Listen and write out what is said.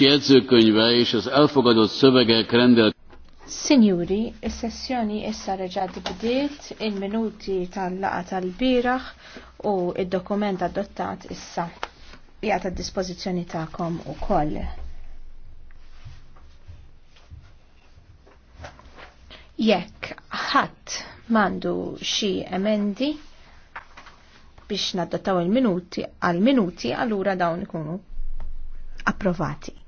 jegyzőkönyve és az elfogadott szövegek rendelt. Signori, is-sessjoni issa reġad bdiet il-minuti tal-laqa tal-biraħ u il-dokument adottat issa jgħat għad-dispozizjoni ta'kom u koll. Jekk ħadd mandu xi emendi biex naddottaw il-minuti għal-minuti allura dawn ikunu approvati.